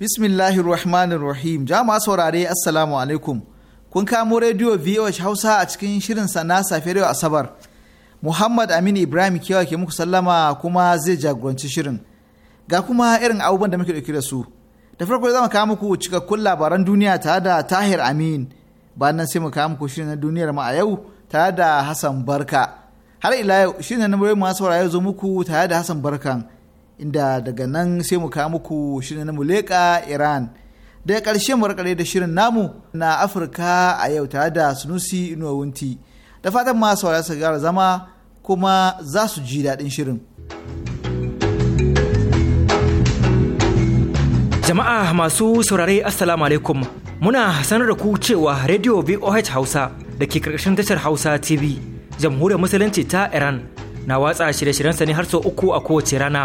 Bismillahir Rahmanir Rahim. Jama'a saurare Assalamu alaikum. Kun kamo rediyo VOH Hausa a cikin shirin sana safiyar yau Asabar. Muhammad Aminu Ibrahim kewa ke muku sallama kuma zai jagoranci shirin. Ga kuma irin abubuwan da muke dauke da su. Da farko za mu kawo muku cikakkun labaran duniya tare da Tahir Amin. Bayan nan sai mu kawo muku shirin na duniyar mu a yau tare da Hassan Barka. Har ila yau shirin na mu saurare zo muku tare da Hassan Barkan. inda daga nan sai mu kawo muku shirin na muleka iran daga ƙarshe mu rakare da shirin namu na afirka a yau tare da sunusi inuwawunti da fatan masu wara su gara zama kuma za su ji daɗin shirin jama'a masu saurare assalamu alaikum muna sanar da ku cewa radio voh hausa da ke karkashin tashar hausa tv jamhuriyar musulunci ta iran na watsa shirye-shiryensa ne har sau uku a kowace rana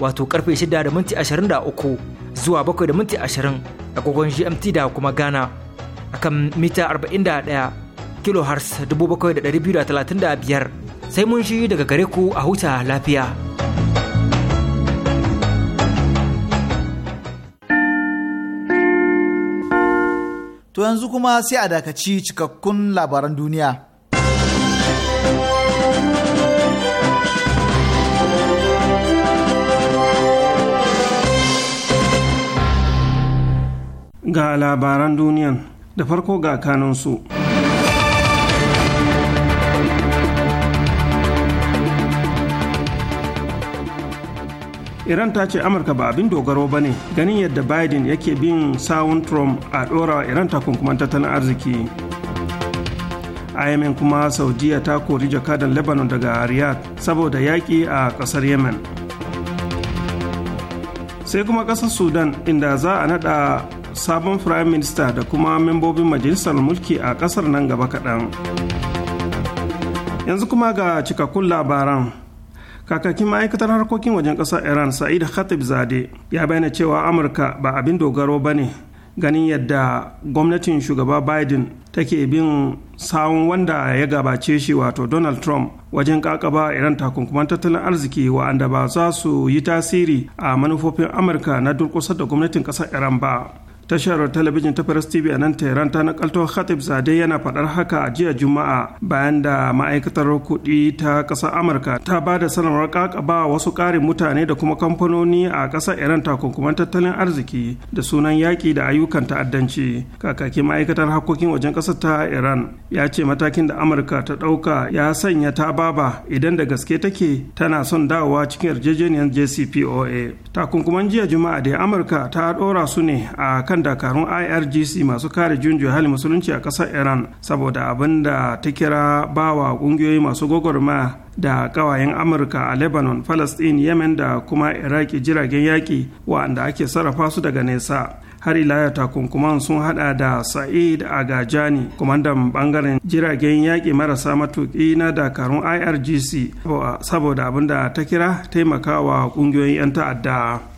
wato karfe 6 da minti 23 zuwa 7 da minti 20 agogon GMT da kuma Ghana akan mita 41 kilohertz 7,235 sai mun shi daga gare ku a huta lafiya. To yanzu kuma sai a dakaci cikakkun labaran duniya. ga labaran duniyan da farko ga kanansu iran ta ce amurka ba abin dogaro ba ne ganin yadda biden yake bin sawun trump a ɗora iran takunkuman tattalin arziki a kuma saudiya ta kori jakadan lebanon daga riyadh saboda yaƙi a ƙasar yemen sai kuma ƙasar sudan inda za a nada sabon firayim minista da kuma membobin majalisar mulki a kasar nan gaba kaɗan yanzu kuma ga cikakkun labaran kakakin ma'aikatar harkokin wajen ƙasar iran sa'id khatib zade ya bayyana cewa amurka ba abin dogaro ba ne ganin yadda gwamnatin shugaba biden take bin sawun wanda ya gabace shi wato donald trump wajen kakaba iran takunkuman tattalin arziki wa'anda ba za su yi tasiri a manufofin amurka na durkusa da gwamnatin ƙasar iran ba tashar talabijin ta Faras TV a nan Tehran ta nakalto Khatib Zadeh yana faɗar haka a jiya Juma'a bayan da ma'aikatar kuɗi ta ƙasar Amurka ta ba da sanarwar kakaba wasu ƙarin mutane da kuma kamfanoni a ƙasar Iran takunkuman tattalin arziki da sunan yaƙi da ayyukan ta'addanci. kakaki ma'aikatar harkokin wajen ƙasar ta Iran ya ce matakin da Amurka ta ɗauka ya sanya ta baba idan da gaske take tana son dawowa cikin yarjejeniyar JCPOA. Takunkuman jiya Juma'a da Amurka ta ɗora su ne a kan dakarun irgc masu kare junjo hali musulunci a kasar iran saboda abin da ta kira wa ƙungiyoyi masu gwagwarma da ƙawayen amurka a lebanon palestine yemen da kuma iraki jiragen yaƙi wa'anda ake sarrafa su daga nesa har ila takunkuman sun hada da sa'id agajani kwamandan bangaren jiragen yaƙi marasa matuƙi na dakarun irgc saboda abin da ta kira taimakawa ƙungiyoyin 'yan ta'adda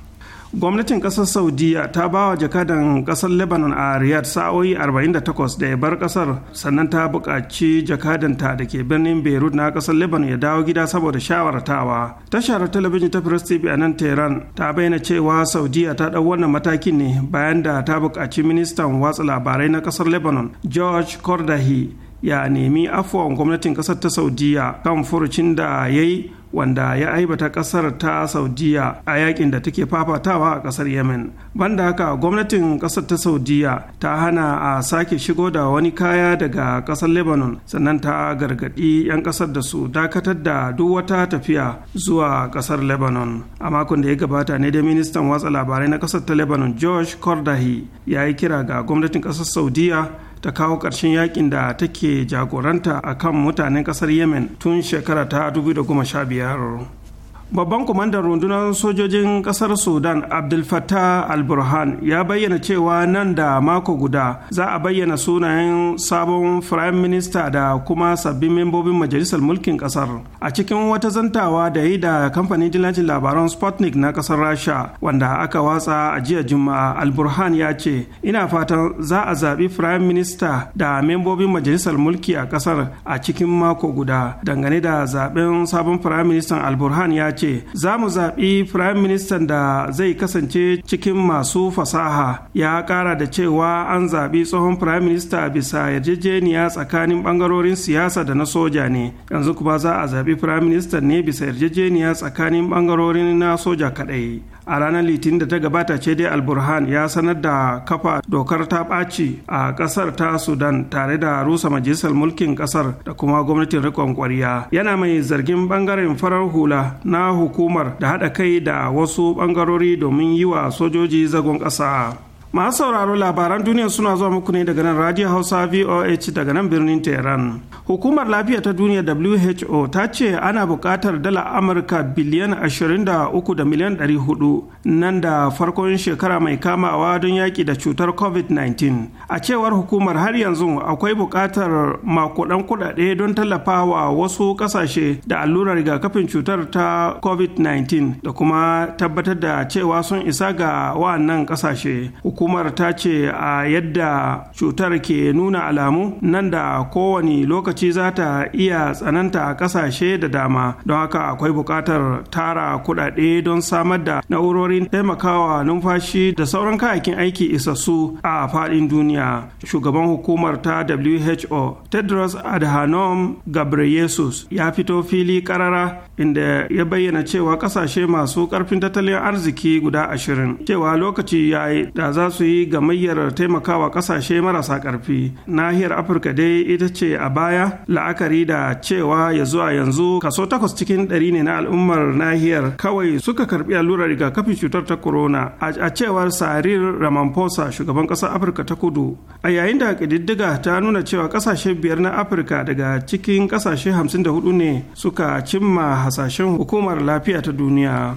gwamnatin kasar saudiya ta ba wa jakadan kasar lebanon a riyadh sa'o'i 48 da ya bar kasar sannan ta buƙaci jakadanta da ke birnin beirut na kasar lebanon ya dawo gida saboda shawartawa tashar talabijin ta press tv a nan tehran ta bayyana cewa saudiya ta ɗau wannan matakin ne bayan da ta buƙaci ministan watsa labarai na kasar lebanon george kordahi ya nemi afuwan gwamnatin kasar ta saudiya kan furucin da ya yi wanda ya aibata kasar ta saudiya a yakin da take fafatawa a kasar yemen banda haka gwamnatin kasar ta saudiya ta hana a sake shigo da wani kaya daga kasar lebanon sannan ta gargadi 'yan kasar da su dakatar da duk wata tafiya zuwa kasar lebanon a makon da ya gabata ne da ministan watsa labarai na kasar ta lebanon george kordahi ya yi kira ga gwamnatin kasar saudiya ta kawo ƙarshen yakin da take jagoranta a kan mutanen ƙasar yemen tun shekara ta 2015 babban kwamandan rundunar sojojin kasar sudan abdul fattah al-burhan ya bayyana cewa nan da mako guda za a bayyana sunayen sabon firayim minista da kuma sabbin membobin majalisar mulkin kasar a cikin wata zantawa da yi da kamfanin dillancin labaran sputnik na kasar rasha wanda aka watsa a jiya juma'a al-burhan ya ce ina fatan za a zaɓi firayim minista da membobin majalisar mulki a kasar a cikin mako guda dangane da zaɓen sabon firayim minister al-burhan ya ce ce za mu zaɓi firayim ministan da zai kasance cikin masu fasaha ya ƙara da cewa an zaɓi tsohon firayim minista bisa yarjejeniya tsakanin ɓangarorin siyasa da na soja ne yanzu kuma za a zaɓi firayim ministan ne bisa yarjejeniya tsakanin ɓangarorin na soja kaɗai a ranar litinin da ta gabata ce dai alburhan ya sanar da kafa dokar ta ɓaci a ƙasar ta sudan tare da rusa majalisar mulkin ƙasar da kuma gwamnatin rikon ƙwariya. yana mai zargin ɓangaren farar hula na hukumar da haɗa kai da wasu ɓangarori domin yi wa sojoji zagon ƙasa. masu sauraro labaran duniya suna zuwa muku ne daga nan radio hausa voh daga nan birnin tehran hukumar lafiya ta duniya who ta ce ana bukatar dala amurka biliyan 23 da miliyan 400 nan da farkon shekara mai kamawa don yaƙi da cutar covid-19 a cewar hukumar har yanzu akwai buƙatar makudan kuɗaɗe don tallafa wa wasu ƙasashe da allurar rigakafin cutar ta covid-19 da kuma tabbatar da cewa sun isa ga wa'annan ƙasashe hukumar ta ce a yadda cutar ke nuna alamu nan da kowane lokaci za ta iya tsananta a ƙasashe da dama don haka akwai buƙatar tara kuɗaɗe don samar da na'urorin taimakawa numfashi da sauran kayayyakin aiki isassu a faɗin duniya shugaban hukumar ta who tedros adhanom ghebreyesus ya fito fili karara inda ya bayyana cewa ƙasashe masu ƙarfin tattalin arziki guda ashirin cewa lokaci ya yi da za za su yi gamayyar taimakawa kasashe marasa karfi nahiyar afirka dai ita ce a baya la'akari da cewa ya zuwa yanzu kaso takwas cikin ɗari ne na al'ummar nahiyar kawai suka karɓi allurar rigakafin cutar ta corona a cewar sarir ramaphosa shugaban ƙasar afirka ta kudu a yayin da ƙididdiga ta nuna cewa ƙasashe biyar na afirka daga cikin ƙasashe hamsin da hudu ne suka cimma hasashen hukumar lafiya ta duniya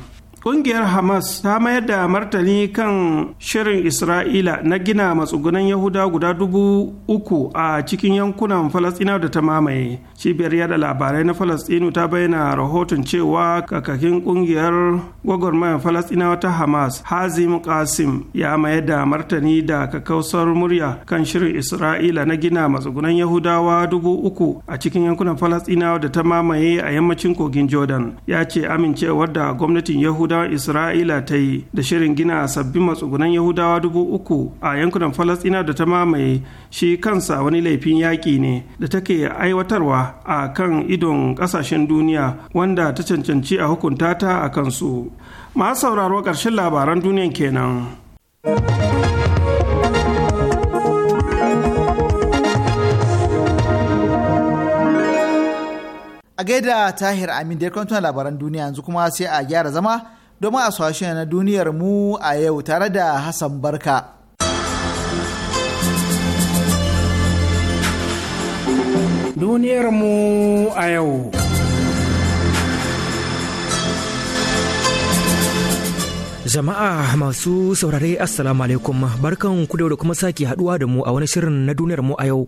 Ƙungiyar Hamas ta mayar da martani kan shirin Isra'ila na gina matsugunan Yahuda guda dubu uku a cikin yankunan falasɗina da ta mamaye cibiyar yada labarai na falastinu ta bayyana rahoton cewa kakakin kungiyar gwagwarmayar falastinawa ta hamas hazim kasim ya mayar da martani da kakausar murya kan shirin isra'ila na gina matsugunan yahudawa dubu uku a cikin yankunan falastinawa da ta mamaye a yammacin kogin jordan ya ce amincewar da gwamnatin yahudawa isra'ila ta yi da shirin gina sabbin matsugunan yahudawa dubu uku a yankunan falastinawa da ta mamaye shi kansa wani laifin yaƙi ne da take aiwatarwa a kan idon ƙasashen duniya wanda ta cancanci a hukunta ta a kansu masu sauraro ƙarshen labaran duniyan kenan. a gaida tahir amin da ya kwantuna labaran duniya yanzu kuma sai a gyara zama domin a na duniyar mu a yau tare da hassan barka. duniyarmu a yau. Jama'a masu saurare Assalamu alaikum barkan ku da kuma sake haduwa da mu a wani shirin na duniyar mu a yau.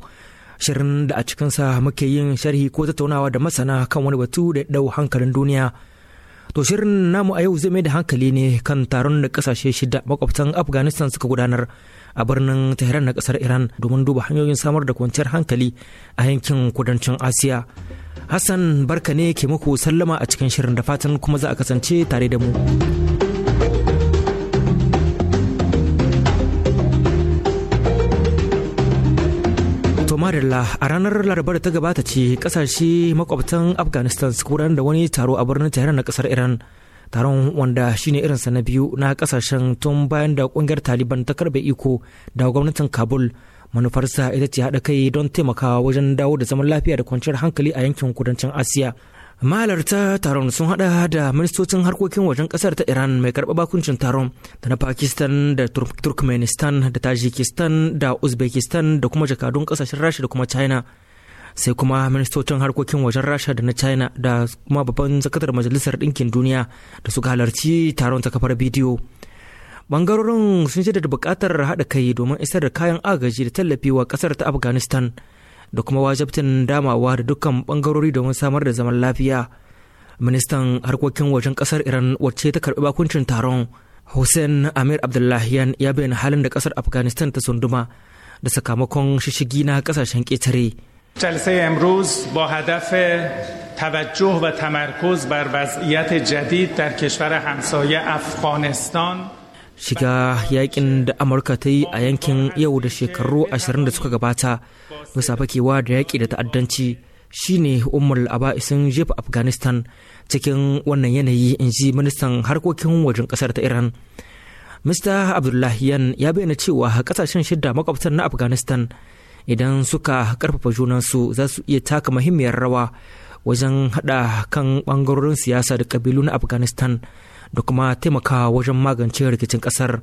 Shirin da a cikinsa muke yin sharhi ko tattaunawa da masana kan wani batu da dau hankalin duniya. To shirin namu a yau zai mai da hankali ne kan taron da kasashe shida makwabtan Afghanistan suka gudanar a birnin Tehran na kasar Iran domin duba hanyoyin samar da kwanciyar hankali a yankin kudancin Asiya. Hassan barka ne ke muku sallama a cikin shirin da fatan kuma za a kasance tare da mu. Somalia a ranar larabar da ta gabata ce kasashe makwabtan Afghanistan suka da wani taro a birnin Tehran na kasar Iran. taron wanda shine irinsa na biyu na kasashen tun bayan da kungiyar taliban ta karbe iko da gwamnatin kabul manufarsa ita ce haɗa kai don taimakawa wajen dawo da zaman lafiya da kwanciyar hankali a yankin kudancin asiya mahalarta taron sun hada da ministocin harkokin wajen kasar ta iran mai karba bakuncin taron da na pakistan da turkmenistan da tajikistan da uzbekistan da kuma jakadun kasashen rasha da kuma china sai kuma ministocin harkokin wajen rasha da na china da kuma babban zakatar majalisar ɗinkin duniya da suka halarci taron ta kafar bidiyo bangarorin sun shaida da bukatar haɗa kai domin isar da kayan agaji da tallafi wa ƙasar ta afghanistan da kuma wajabtin damawa da dukkan bangarori domin samar da zaman lafiya ministan harkokin wajen ƙasar iran wacce ta karbi bakuncin taron hussein amir abdullahiyan ya bayyana halin da kasar afghanistan ta sunduma da sakamakon shishigi na kasashen ƙetare جلسه امروز با هدف توجه و تمرکز بر وضعیت جدید در کشور همسایه افغانستان shiga yakin da amurka ta yi a yankin yau da shekaru 20 da suka gabata bisa fakewa da yaƙi da ta'addanci shine umar aba'isin jefa afghanistan cikin wannan yanayi in ji ministan harkokin wajen ƙasar ta iran mr abdullahiyan ya bayyana cewa kasashen shidda makwabtan na afghanistan idan suka karfafa junansu za su iya taka muhimmiyar rawa wajen hada kan bangarorin siyasa da kabilu na afghanistan da kuma taimakawa wajen magance rikicin kasar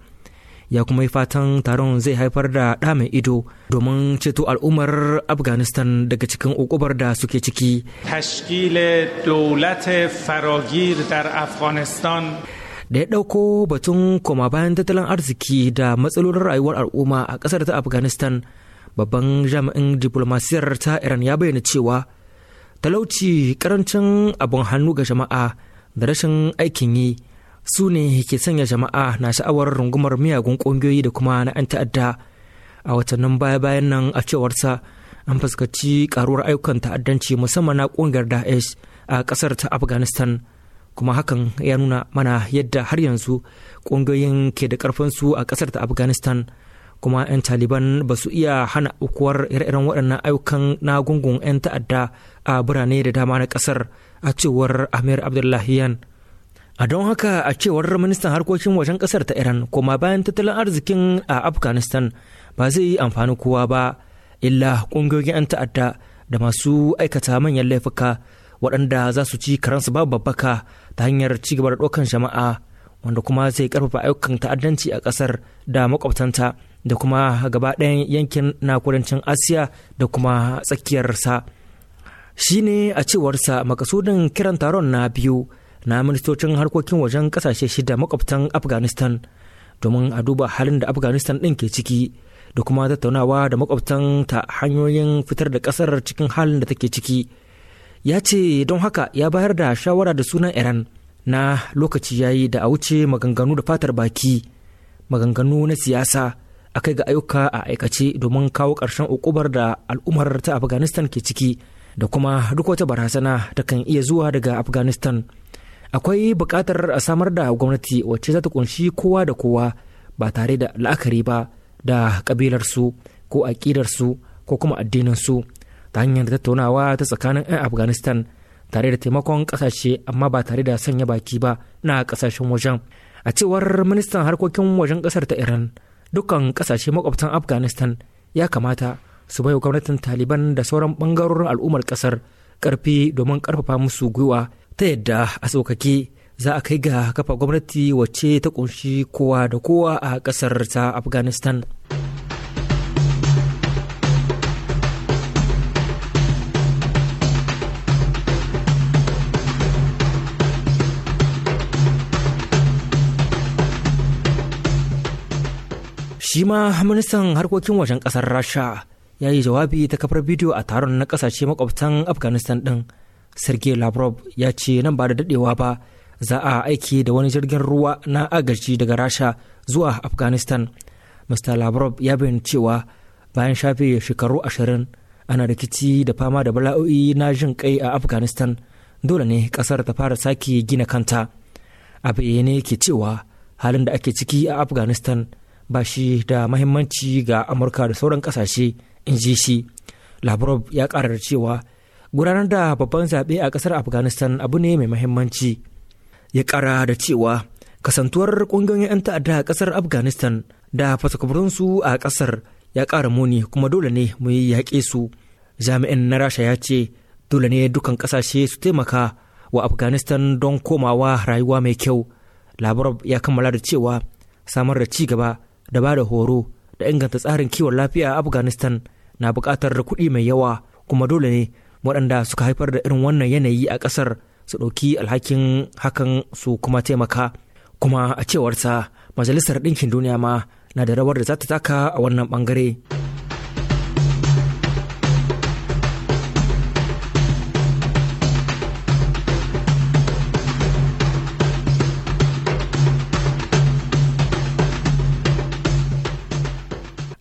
ya kuma yi fatan taron zai haifar da ɗa mai ido domin ceto al'ummar afghanistan daga cikin ukubar da suke ciki tashkile daulat faragir dar afghanistan da ya ɗauko batun koma bayan tattalin arziki da matsalolin rayuwar al'umma a ƙasar ta afghanistan babban jami'in diplomasiyar ta iran ya bayyana cewa talauci karancin abun hannu ga jama'a da rashin aikin yi su ne ke sanya jama'a na sha'awar rungumar miyagun ƙungiyoyi da kuma na 'yan ta'adda a watannin baya-bayan nan a cewarsa an fuskaci karuwar ayyukan ta'addanci musamman na ƙungiyar da'ish a ƙasar ta afghanistan kuma hakan ya nuna mana yadda har yanzu ƙungiyoyin ke da ƙarfinsu a ƙasar ta afghanistan kuma 'yan taliban ba su iya hana ukuwar ire-iren waɗannan ayyukan na gungun 'yan ta'adda a birane da dama na ƙasar a cewar amir abdullahiyan a don haka a cewar ministan harkokin wajen ƙasar ta iran kuma bayan tattalin arzikin a afghanistan ba zai yi amfani kowa ba illa ƙungiyoyin 'yan ta'adda da masu aikata manyan laifuka waɗanda za su ci karansu babu babbaka ta hanyar ci gaba da ɗaukan jama'a wanda kuma zai karfafa ayyukan ta'addanci a ƙasar da maƙwabtanta. da kuma gaba ɗayan yankin na kudancin asiya da kuma tsakiyarsa shi ne a cewarsa makasudin kiran taron na biyu na ministocin harkokin wajen ƙasashe shida makwabtan afghanistan domin a duba halin da afghanistan ɗin ke ciki da kuma tattaunawa da makwabtan ta hanyoyin fitar da ƙasar cikin halin da take ciki ya ce don haka ya bayar da shawara da sunan iran na lokaci yayi da a wuce maganganu da fatar baki maganganu na siyasa a kai ga ayyuka a aikace domin kawo ƙarshen ukubar da al'ummar ta afghanistan ke ciki da kuma duk wata barazana ta kan iya zuwa daga afghanistan akwai buƙatar a samar da gwamnati wacce za ta kunshi kowa da kowa ba tare da la'akari ba da ƙabilarsu ko aƙidarsu ko kuma addininsu ta hanyar tattaunawa ta tsakanin 'yan afghanistan tare da taimakon ƙasashe amma ba tare da sanya baki ba na ƙasashen wajen a cewar ministan harkokin wajen ƙasar ta iran dukkan kasashe makwabtan afghanistan ya kamata su baiwa gwamnatin taliban da sauran bangarorin al'ummar kasar karfi domin karfafa musu gwiwa ta yadda a saukake za a kai ga kafa gwamnati wacce ta kunshi kowa da kowa a kasar ta afghanistan shi ma ministan harkokin wajen kasar rasha ya yi jawabi ta kafar bidiyo a taron na kasashe makwabtan afghanistan din sergei lavrov ya ce nan ba da dadewa ba za a aiki da wani jirgin ruwa na agaji daga rasha zuwa afghanistan mr lavrov ya bayyana cewa bayan shafe shekaru ashirin ana rikici da fama da bala'o'i na jin kai a afghanistan dole ne kasar ta fara sake gina kanta a bayyane ke cewa halin da ake ciki a afghanistan ba shi da mahimmanci ga amurka da sauran kasashe in ji shi lavrov ya kara da cewa gudanar da babban zaɓe a ƙasar afghanistan abu ne mai mahimmanci ya kara da cewa kasantuwar ƙungiyoyin 'yan ta'adda a ƙasar afghanistan da fasakwabarinsu a ƙasar ya ƙara muni kuma dole ne mu yi yaƙe su jami'in na rasha ya ce dole ne dukkan ƙasashe su taimaka wa afghanistan don komawa rayuwa mai kyau labarab ya kammala da cewa samar da ci gaba da ba da horo da inganta tsarin kiwon lafiya a afghanistan na buƙatar kuɗi mai yawa kuma dole ne waɗanda suka haifar da irin wannan yanayi a ƙasar su ɗauki alhakin hakan su kuma taimaka kuma a cewarsa majalisar ɗinkin duniya ma na da rawar da za ta taka a wannan ɓangare.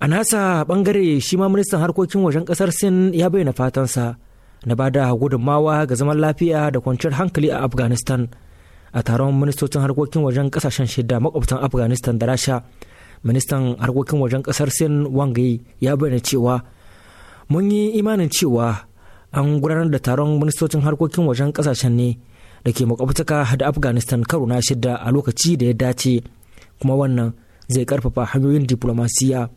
a nasa bangare shi ma ministan harkokin wajen kasar sin ya bayyana fatansa na bada gudummawa ga zaman lafiya da kwanciyar hankali a afghanistan a taron ministocin harkokin wajen kasashen shida makwabtan afghanistan da rasha ministan harkokin wajen kasar sin wang yi ya bayyana cewa mun yi imanin cewa an gudanar da taron ministocin harkokin wajen kasashen ne da ke makwabtaka da afghanistan karo na shida a lokaci da ya dace kuma wannan zai karfafa hanyoyin diplomasiya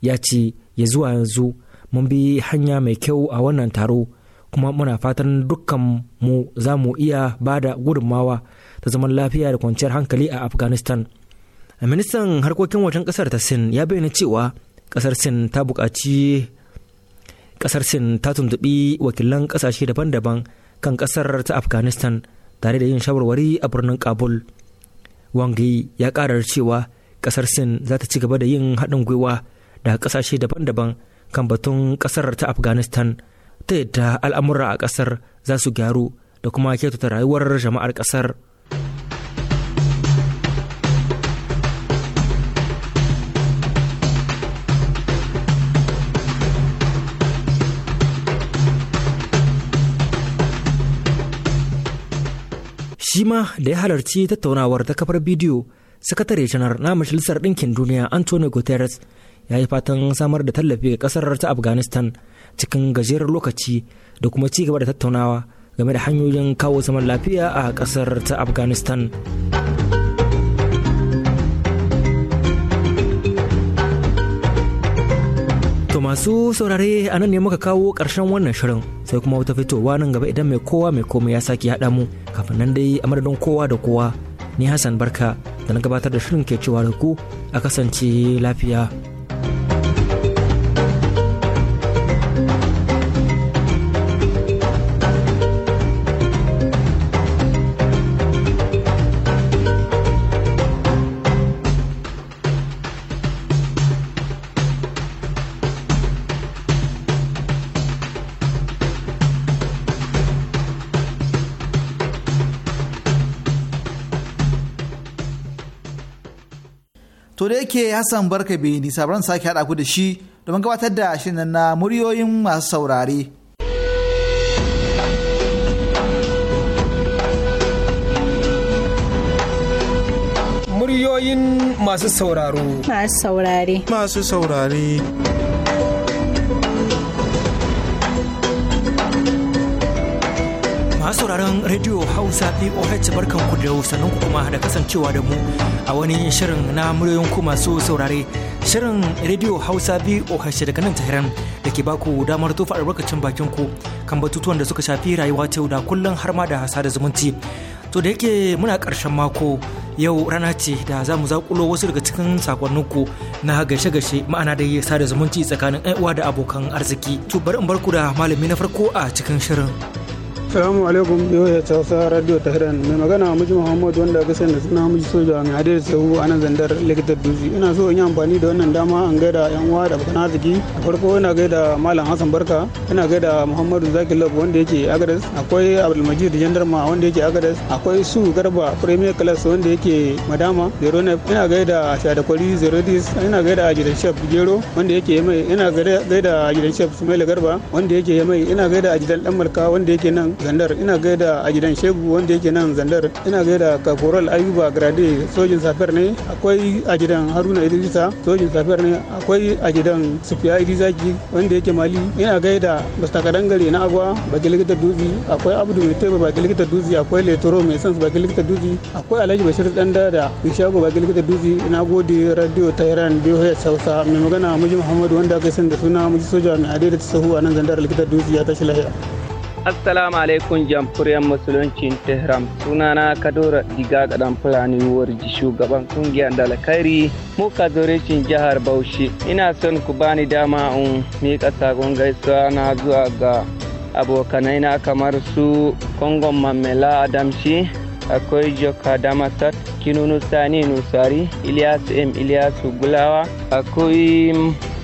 ya ce ya zuwa yanzu mun bi hanya mai kyau a wannan taro kuma muna fatan dukkan mu za mu iya ba da gudunmawa ta zaman lafiya da kwanciyar hankali a afghanistan ministan harkokin wajen kasar ta sin ya bayyana cewa kasar sin ta buƙaci kasar sin ta tuntuɓi wakilan ƙasashe daban-daban kan kasar ta afghanistan tare da yin shawarwari a birnin kabul wangi ya ƙara cewa kasar sin za ta ci gaba da yin haɗin gwiwa da kasashe daban-daban kan batun kasar ta afghanistan ta yadda al'amura a kasar za su gyaru da kuma kyautata rayuwar jama'ar kasar shi ma da ya halarci tattaunawar ta kafar bidiyo sakatare janar na majalisar ɗinkin duniya antonio guterres ya yi fatan samar da tallafi ga kasar ta afghanistan cikin gajeren lokaci da kuma ci gaba da tattaunawa game da hanyoyin kawo zaman lafiya a kasar ta afghanistan to masu saurare a nan ne muka kawo ƙarshen wannan shirin sai kuma wata fitowa nan gaba idan mai kowa mai komai ya sake haɗa mu kafin nan dai a madadin kowa da kowa ni hassan barka da na gabatar da shirin ke cewa da ku a kasance lafiya To da yake Hassan Barka bai nisa ran sake haɗa ku da shi domin gabatar da shirin na muryoyin masu saurare. Muryoyin masu sauraro. Masu saurare. Masu saurare. sauraron Radio Hausa POH barkan ku da sannan kuma da kasancewa da mu a wani shirin na muryoyin ku masu saurare. Shirin Radio Hausa POH daga nan Tahiran da ke baku damar tofa albarkacin bakin ku kan batutuwan da suka shafi rayuwa ta da kullum har ma da sada zumunci. To da yake muna karshen mako yau rana ce da za mu zakulo wasu daga cikin ku na gashe-gashe ma'ana da sada zumunci tsakanin uwa da abokan arziki. To bari in barku da malami na farko a cikin shirin. Salamu alaikum biyoyi ta wasa radio ta hiran mai magana miji Muhammad wanda ga sanda da suna miji soja mai adai da sahu a nan zandar likitar duzi ina so in yi amfani da wannan dama an gaida yan uwa da abokan arziki da farko ina gaida malam Hassan Barka ina gaida Muhammadu Zaki Lab wanda yake Agadas akwai Abdulmajid Jandarma wanda yake Agadas akwai Su Garba Premier Class wanda yake Madama Zero Nef ina gaida Shadakwari Zero Dis ina gaida ajidan shef Gero wanda yake yamai ina gaida ajidan shef Sumaila Garba wanda yake yamai ina gaida ajidan Dan Malka wanda yake nan zandar ina gaida a gidan shegu wanda yake nan zandar ina gaida kakoral ayuba grade sojin safiyar ne akwai a gidan haruna idrisa sojin safiyar ne akwai a gidan sufiya idrisaki wanda yake mali ina gaida mr kadangare na agwa baki likita dutse akwai abdu mai teba baki likita dutse akwai letoro mai sans baki likita dutse akwai alhaji bashir dan da ishago baki likita dutse ina gode radio tehran biyu ya sausa mai magana muji muhammadu wanda aka sani da suna muji soja mai adaidata ta sahu a nan zandar likita dutse ya tashi lahiya. Assalamu alaikum jamhuriyar musuluncin Tehran sunana Kadura Diga Gadan Fulani Warji shugaban kungiyar Dalakari muka zorecin jihar Bauchi ina son ku bani dama in miƙa sagon gaisuwa na zuwa ga abokanai na kamar su Kongon Mamela Adamshi akwai Joka Damasat Kinunu Sani Nusari Ilyasu M Ilyasu Gulawa akwai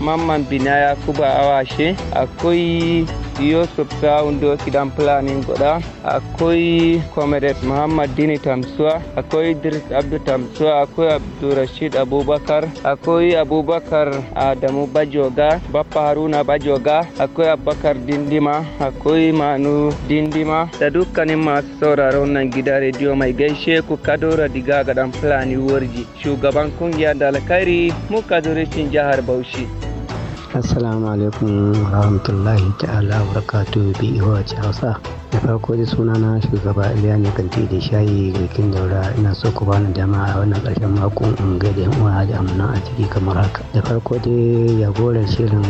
Mamman Binaya Kuba Awashe akwai yusuf sawun undo dan fulani goda akwai comrade muhammad dini tamsuwa akwai idris abdu tamsuwa akwai abdurashid abubakar akwai abubakar adamu bajoga bappa haruna bajoga akwai abubakar dindima akwai manu dindima da dukkanin masu sauraron nan gida rediyo mai gaishe ku kadora diga ga plani fulani warji shugaban kungiya da alkhairi muka jahar jihar bauchi assalamu alaikum rahmatullahi ta'ala wa barakatuhu bi iwaci e hausa da farko da suna na shugaba iliya ne kanti da shayi kin daura ina so ku bani dama a wannan ƙarshen makon in ga da uwa da amana a ciki kamar haka da farko ya jagoran shirin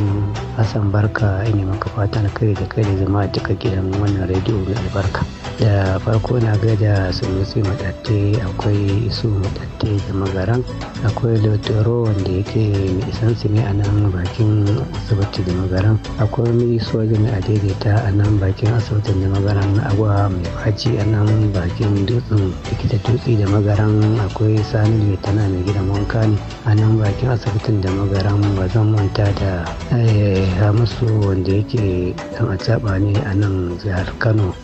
hassan barka ina maka fatan kai da kai da zama a duka gidan wannan rediyo mai albarka da farko na gaida sunusi matatte akwai isu matatte da magaran akwai lotoro wanda yake mai isansu ne a nan bakin asibiti da magaran akwai wani sojin a daidaita a nan bakin asibitin da magaran agwa mai faci a nan bakin dutsen likita dutse da magaran akwai sani mai tana mai gidan wanka ne a nan bakin asibitin da magaran ba zan manta da eh, hamisu wanda yake dan a ne a nan jihar kano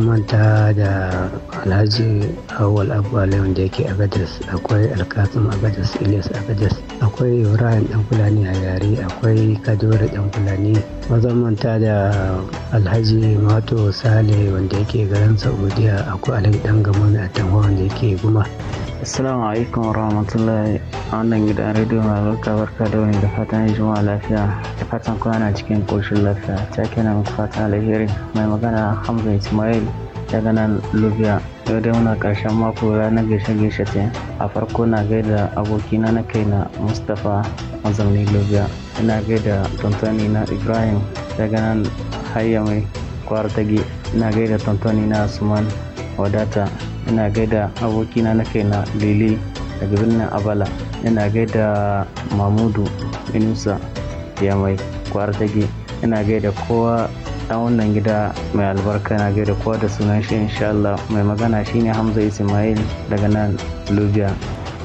manta da alhaji awal abu wanda yake agadas akwai alkasim agadas ilyas agadas akwai ibrahim dan fulani a yare akwai kadore dan fulani manta da alhaji mato sale wanda yake garin saudiya akwai alhaji dan gama a tanwa wanda yake guma Assalamu alaikum wa rahmatullahi a wannan gidan rediyo mai barka barka da wani da fatan juma'a lafiya da fatan kwana cikin ƙoshin lafiya ta kenan fatan alheri mai magana hamza ismail daga nan libya Yau dai muna ƙarshen mako ranar gaishe-gaishe ta a farko na gaida abokina na kaina Mustapha mazaunin lobiya Ina gaida tontoni na Ibrahim daga nan hayya mai gi Ina gaida tontoni na Suman Wadata. Ina gaida abokina na kaina Lili daga birnin Abala. Ina gaida Mamudu Inusa ya mai kwartage. Ina gaida kowa dan wannan gida mai albarka na gaida kowa da sunan shi insha Allah mai magana shine Hamza Ismail daga nan Libya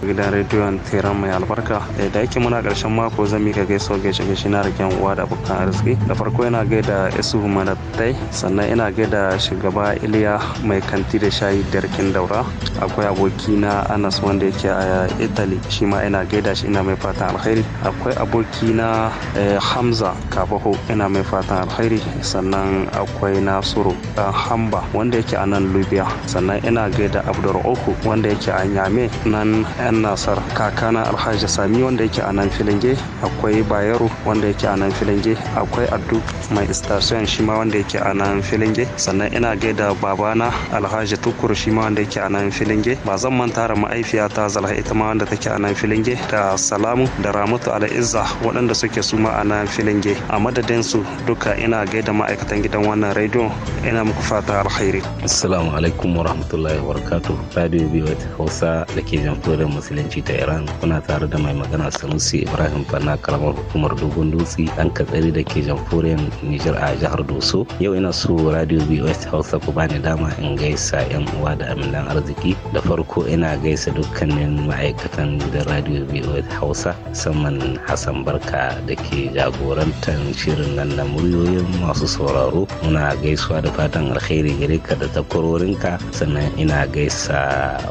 gidan rediyon teran mai albarka da yake muna karshen mako zan mika gaisuwa ga shi na rikin uwa da abokan arziki da farko ina gaida isu manattai sannan ina gaida shugaba iliya mai kanti da shayi da rikin daura akwai abokina anas wanda yake a italy shi ma ina gaida shi ina mai fatan alkhairi akwai abokina eh, hamza kafaho ina mai fatan alkhairi sannan akwai nasiru dan eh, hamba wanda yake a nan libya sannan ina gaida abdur'uku wanda yake a nyame nan 'yan nasar kakana alhaji sami wanda yake a nan filinge akwai bayero wanda yake a nan filinge akwai addu mai istasiyon shi ma wanda yake a nan filinge sannan ina gaida babana alhaji tukur shi ma wanda yake a nan filinge ba zan manta da ma'aifiyata zalha ita ma wanda take a nan filinge da salamu da ramatu al'izza waɗanda suke suma a nan filinge a madadin su duka ina gaida ma'aikatan gidan wannan rediyo ina muku fata alkhairi assalamu alaikum wa barakatuh radio biyu hausa da ke jamfurin musulunci ta iran kuna tare da mai magana sanusi ibrahim Fana, karamar hukumar dogon dutse dan katsari da ke jamhuriyar niger a jihar doso yau ina so radio bos hausa ku bani dama in gaisa yan uwa da aminan arziki da farko ina gaisa dukkanin ma'aikatan gidan radio bos hausa musamman hassan barka da ke jagorantar shirin nan na muryoyin masu sauraro muna gaisuwa da fatan alkhairi gare ka da takwarorinka sannan ina gaisa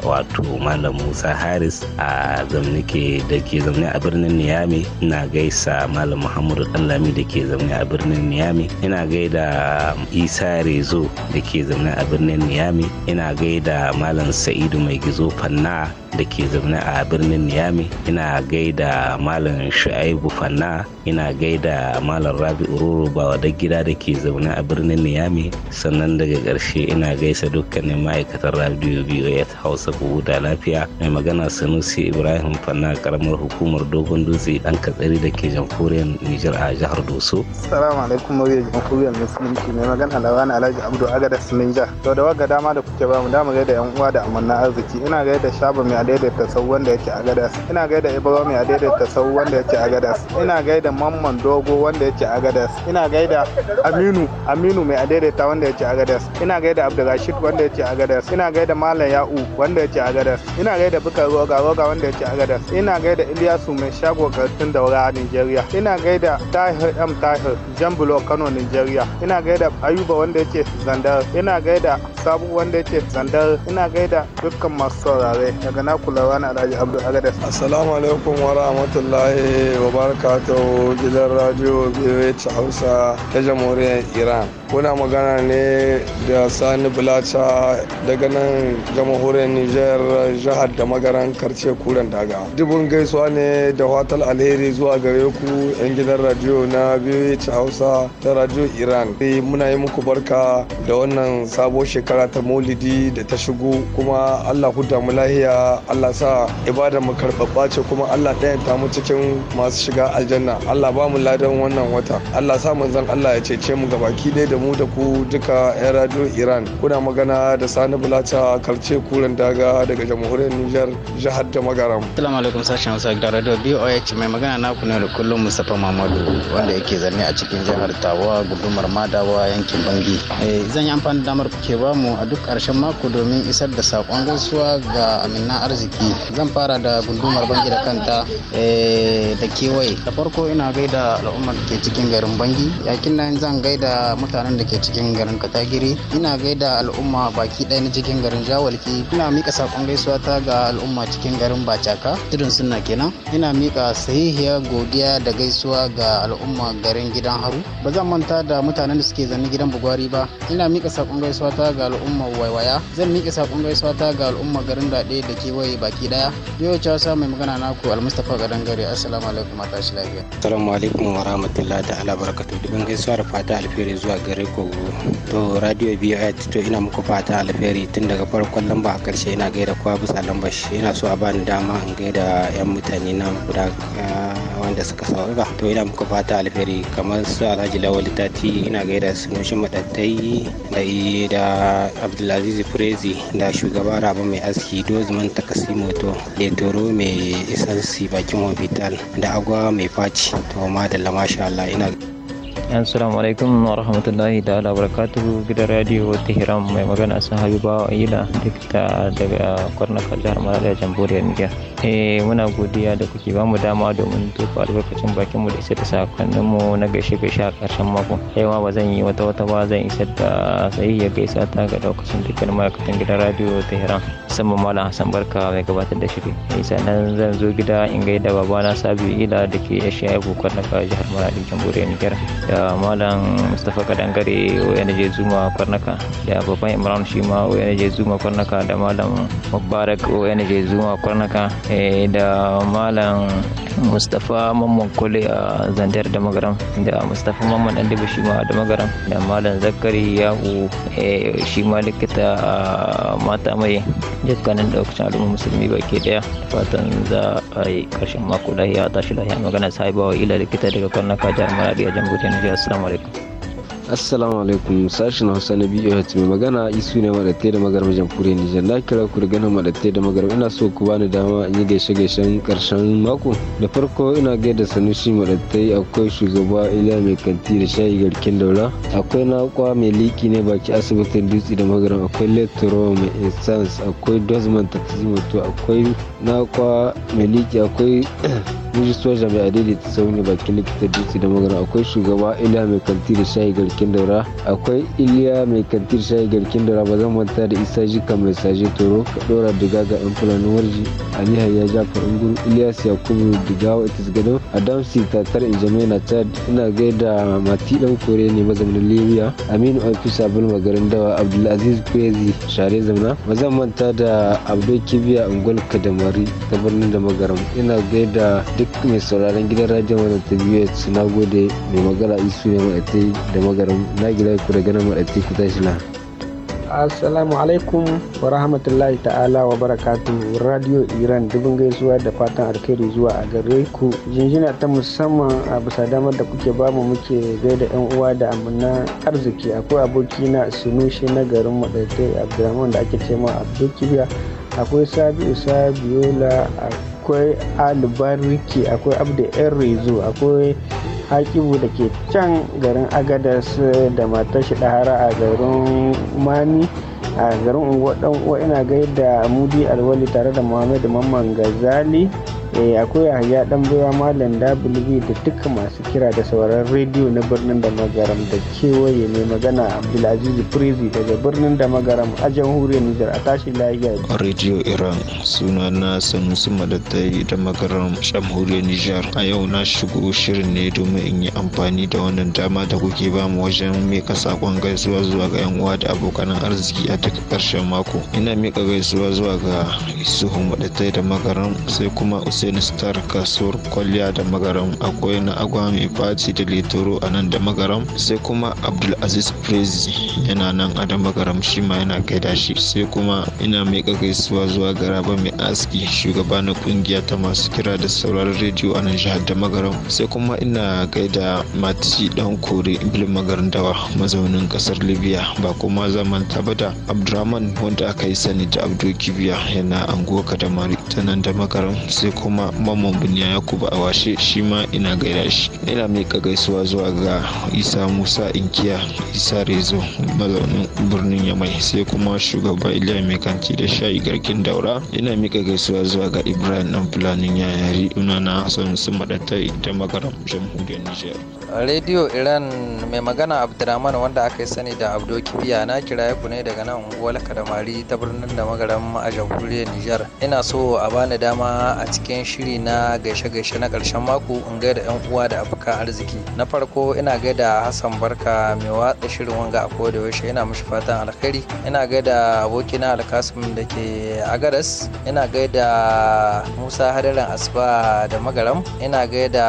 wato malam musa haris a zaune ke da ke zaune a birnin niyami ina gaisa Malam Muhammadu Dallami da ke zaune a birnin niyami ina gaida Isa Rezo da ke zaune a birnin niyami ina gaida Malam Sa'idu Mai Gizo Fanna da ke zaune a birnin niyami ina gaida malam shu'aibu fanna ina gaida malam rabi ururu bawa da gida da ke zaune a birnin niyami sannan daga ƙarshe ina gaisa dukkanin ma'aikatar radio bos hausa buhu da lafiya mai magana sanusi ibrahim fanna karamar hukumar dogon dutse dan katsari da ke jamhuriyar nijar a jihar doso salamu alaikum mawuyar jamhuriyar musulunci mai magana lawan alhaji abdu agada sininja to da waga dama da kuke ba mu dama gaida yan uwa da amanna arziki ina gaida shaba mai daidaita sau wanda yake a gadas ina gaida ibrahim ya daidaita sau wanda yake a gadas ina gaida mamman dogo wanda yake a gadas ina gaida aminu aminu mai a daidaita wanda yake a gadas ina gaida abdulrashid wanda yake a gadas ina gaida malam ya'u wanda yake a gadas ina gaida bukar roga roga wanda yake a gadas ina gaida iliyasu mai shago kartun daura a nigeria ina gaida tahir m tahir jan bulo kano nigeria ina gaida ayuba wanda yake zandar ina gaida sabu wanda yake zandar ina gaida dukkan masu saurare daga na na kulawa na Alhaji Abdul Agadas. Assalamu alaikum wa rahmatullahi wa barakatuhu gidan radio Hausa ta Jamhuriyar Iran. Kuna magana ne da Sani bulaca daga nan Jamhuriyar Nijar jihar da magaran karce kuren daga. Dubun gaisuwa ne da watal alheri zuwa gare ku 'yan gidan radio na BH Hausa ta radio Iran. Eh, muna yi muku barka da wannan sabo shekara ta Maulidi da ta shigo kuma Allah mu lahiya Allah sa ibadar mu karɓaɓɓa ce kuma Allah ɗaya ta mu cikin masu shiga aljanna Allah ba mu ladan wannan wata Allah sa manzon Allah ya cece mu gabaki dai da mu da ku duka 'yan radio Iran kuna magana da Sani Bulata Kalce Kuren Daga daga jamhuriyar Nijar jihar da Magaram. Assalamu alaikum sashen Hausa da radio BOH mai magana na ku ne da kullum Mustapha Mamadu wanda yake zanne a cikin jihar Tawa gudumar Madawa yankin Bangi. Eh, zan yi amfani da damar kuke mu a duk ƙarshen mako domin isar da saƙon gaisuwa ga Amina arziki zan fara da gundumar bangi da kanta eh, da kewaye da farko ina gaida al'ummar da ke cikin garin bangi yakin nan zan gaida mutanen da ke cikin garin katagiri ina gaida al'umma baki ɗaya na cikin garin jawalki ina mika sakon gaisuwa ta ga al'umma cikin garin bacaka tudun sunna kenan ina mika sahihiya godiya da gaisuwa ga al'umma garin gidan haru ba zan manta da mutanen da suke zanne gidan bugwari ba ina mika sakon gaisuwa ta ga al'umma waiwaya zan mika sakon gaisuwa ta ga al'umma garin daɗe da ke BOA baki daya. Yau ta sa mai magana naku Almustafa Gadan Gare. Assalamu alaikum shi lafiya. Assalamu alaikum wa rahmatullahi ta'ala barakatuh. Dubin gaisuwa da fata alheri zuwa gare ku. To radio BOA to ina muku fata alheri tun daga farkon lamba a karshe ina gaida kowa bisa lambar shi. Ina so a bani dama in gaida 'yan mutane na guda ah, wanda suka saurara to ina muku fata alheri kamar su alhaji lawal tati ina gaida su nushin madattai da da abdulaziz furezi da shugaba rabu mai aski dozman moto. letoro mai isansi bakin hospital da agwa mai faci to ma da lamasha Allah ina assalamu alaikum wa rahmatullahi da barakatuhu gidan radio hiram mai magana sun habiba ila duk da daga kwarnaka jihar malariya jamboriya niger eh muna godiya da kuke ba mu dama domin tofa albarkacin bakin mu da isa da sakonnin mu na gaishe gaishe a karshen mako yawa ma ba zan yi wata wata ba zan isa da sai ya gaisa ta ga daukacin dukkan ma'aikatan gidan radio hiram musamman malam hassan barka mai gabatar da shiri eh, sannan zan zo gida in gaida babana sabiu ila da ke ya shayi bukar na jihar malariya jamboriya niger da malam mustapha kadangare je zuma kwarnaka da babban imran shi ma je zuma kwarnaka da malam mubarak je zuma kwarnaka eh, da malam mustapha mamman kole a zandar da da mustapha mamman dan dubu shi ma da magaram da malam zakari yahu eh, shi ma likita a mata mai dukkanin daukacin al'umma musulmi ke daya fatan za a yi karshen mako lahiya tashi lahiya magana sahibawa ila likita daga kwanaka jihar maradi a jamhuriyar nijar assalamu alaikum assalamu alaikum sashen hausa na biyu mai magana isu ne madatai da magarba jamhuriyar nijar na kira ku da ganin da magarba ina so ku bani dama in yi gaishe gaishen karshen mako da farko ina gaida sanusi madatai akwai shugaba iliya mai kanti da shayi garkin daura akwai nakwa mai liki ne baki asibitin dutse da magarba akwai lettoro mai essence akwai dozman taxi moto akwai nakwa mai liki akwai mun soja mai adadi ta sauni bakin likita dutse da magana akwai shugaba iliya mai kanti da shayi garkin daura akwai iliya mai kanti da shayi garkin daura ba zan manta da isa jika mai saje toro ka dora diga ga yan fulani warji ali hayya jafar ungur ilyas yakubu digawa itis gado adamsi tatar injamena chad ina gaida mati dan kore ne mazaunin libya aminu afisa bul magarin dawa abdulaziz kwezi share zamna ba zan manta da abdul kibiya ungul kadamari ta birnin da magaram ina gaida duk duk mai sauraron gidan radiyon wannan ta biyu ci gode mai magana isu ne maɗatai da magaram na gida ku da ganin maɗatai ku tashi na. Assalamu alaikum wa rahmatullahi ta'ala wa barakatu Radio Iran dubin gaisuwa da fatan alkhairi zuwa a gare ku. Jinjina ta musamman a bisa damar da kuke bamu muke gaida yan uwa da amina arziki akwai aboki na Sunushi na garin madaitai Abdulrahman da ake cewa Abdul Kibiya akwai Sabiu Sabiola akwai albariki akwai abda yan rezo akwai haƙibu da ke can garin agadas da matar shi dahara a garin mani a garin unguwa dan uwa ina gaida mudi alwali tare da muhammad mamman gazali eh akwai yahaya dan baya malam w da duka masu kira da sauran rediyo na birnin da magaram da kewaye mai magana abdulaziz prezi daga birnin da magaram a jamhuriyar nijar a tashi lafiya rediyo iran suna na sanusi madadai da magaram jamhuriyar nijar a yau na shigo shirin ne domin in yi amfani da wannan dama da kuke ba bamu wajen mika sakon gaisuwa zuwa ga yan uwa da abokan arziki a duk karshen mako ina mika gaisuwa zuwa ga isuhu madadai da magaram sai kuma usain Hussein Star kasuwar kwalliya da magaram akwai na agwa mai faci da letoro a nan da magaram sai kuma Abdulaziz Prezi yana nan a da magaram shi ma yana gaida shi sai kuma ina mai gaisuwa zuwa garaba mai aski shugaba na kungiya ta masu kira da sauran rediyo a nan jihar da magaram sai kuma ina gaida mati dan kore bil dawa mazaunin kasar libya ba kuma zaman tabbata abdulrahman wanda aka yi sani da abdul kibiya yana anguwa kadamari ta nan da magaram sai kuma kuma mamman ya yakubu awashe shi ma ina gaira shi ina miƙa gaisuwa zuwa ga isa musa inkiya isa rezo mazaunin birnin yamai sai kuma shugaba iliya mai kanti da shayi garkin daura ina mika gaisuwa zuwa ga ibrahim dan fulanin yayari una na son su madatta ita makarar jamhuriyar nijar rediyo iran mai magana abdurrahman wanda aka yi sani da abdo kibiya na kira ku ne daga nan da kadamari ta birnin da magaram a jamhuriyar nijar ina so a bani dama a cikin shiri na gaishe-gaishe na ƙarshen mako in gaida 'yan uwa da abokan arziki. Na farko ina gaida Hassan Barka mai watsa shirin wanga a koda yaushe ina mishi fatan alkhairi. Ina gaida abokina Alkasim da ke Agaras. Ina gaida Musa Hadarin Asba da Magaram. Ina gaida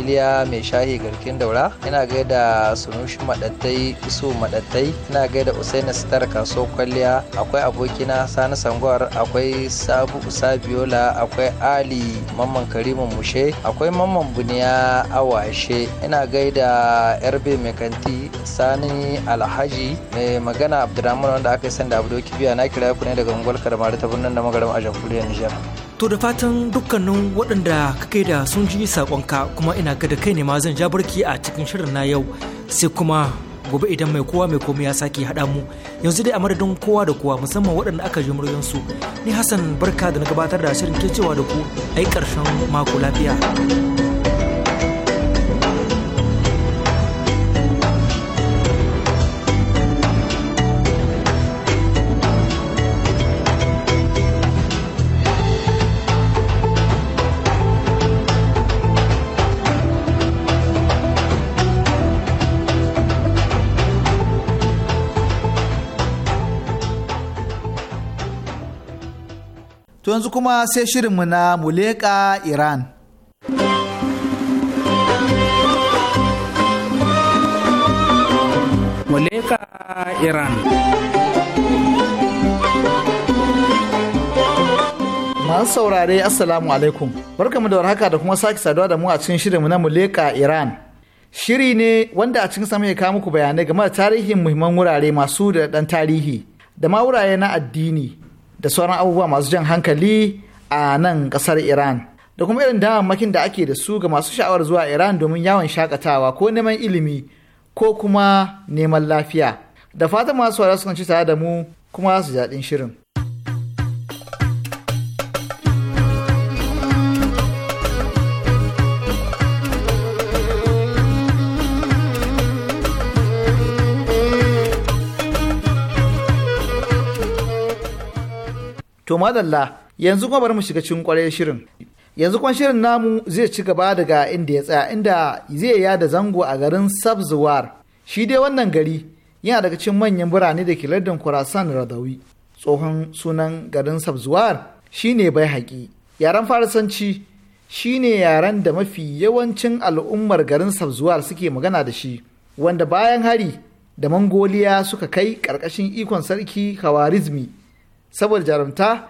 Iliya mai shayi garkin daura. Ina gaida Sunushi Maɗattai Isu Maɗattai. Ina gaida Usaini Sitar Kaso Kwalliya. Akwai abokina Sani Sangwar. Akwai Sabu Sabiola. Akwai ali mamman karimu mushe akwai mamman buniya awashe ina gaida yarbe mai kanti sani alhaji mai magana abdurrahman wanda aka san da abdo kibiya na kira ku ne daga ungwal karmar ta birnin da magaram a jamhuriyar nijar to da fatan dukkanin waɗanda kake da sun ji saƙonka kuma ina ga da kai ne ma zan ja barki a cikin shirin na yau sai kuma gobe idan mai kowa mai komai ya sake haɗa mu yanzu dai a madadin kowa da kowa musamman waɗanda aka ji su ni hassan barka da na gabatar da shirin ke cewa da ku yi ƙarshen mako lafiya yanzu kuma sai shirinmu na Muleka Iran. Muleka Iran. Masu saurare Assalamu alaikum. Barkamu da warhaka da kuma sake saduwa da mu a cikin shirinmu na Muleka Iran. Shiri ne wanda a cikin sama ya kawo muku bayanai game da tarihin muhimman wurare masu da ɗan tarihi da ma wurare na addini da sauran abubuwa masu jan hankali a nan kasar iran da kuma irin damammakin da ake da su ga masu sha'awar zuwa iran domin yawon shakatawa ko neman ilimi ko kuma neman lafiya da fatan masu wara sukan ci tare da mu kuma su daɗin shirin To madalla yanzu kuma bari mu shiga cikin kwarai shirin. Yanzu kwan shirin namu zai ci gaba daga inda ya tsaya inda zai yada zango a garin Sabzuwar. Shi dai wannan gari yana daga cikin manyan birane da ke lardin Khorasan Radawi. Tsohon sunan garin Sabzuwar shine bai haƙi. Yaren Farisanci shine yaren da mafi yawancin al'ummar garin Sabzuwar suke magana da shi, wanda bayan hari da Mangoliya suka kai ƙarƙashin ikon sarki Khawarizmi. saboda jarumta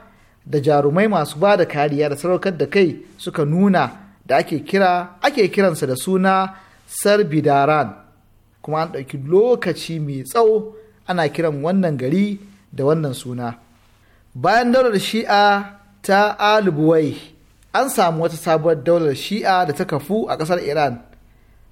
da jarumai masu ba da kariya da sarokar da kai suka nuna da ake kira ake kiransa da suna sarbidaran kuma an ɗauki lokaci mai tsawo ana kiran wannan gari da wannan suna bayan daular shi'a ta alibuwai an samu wata sabuwar daular shi'a da ta kafu a ƙasar iran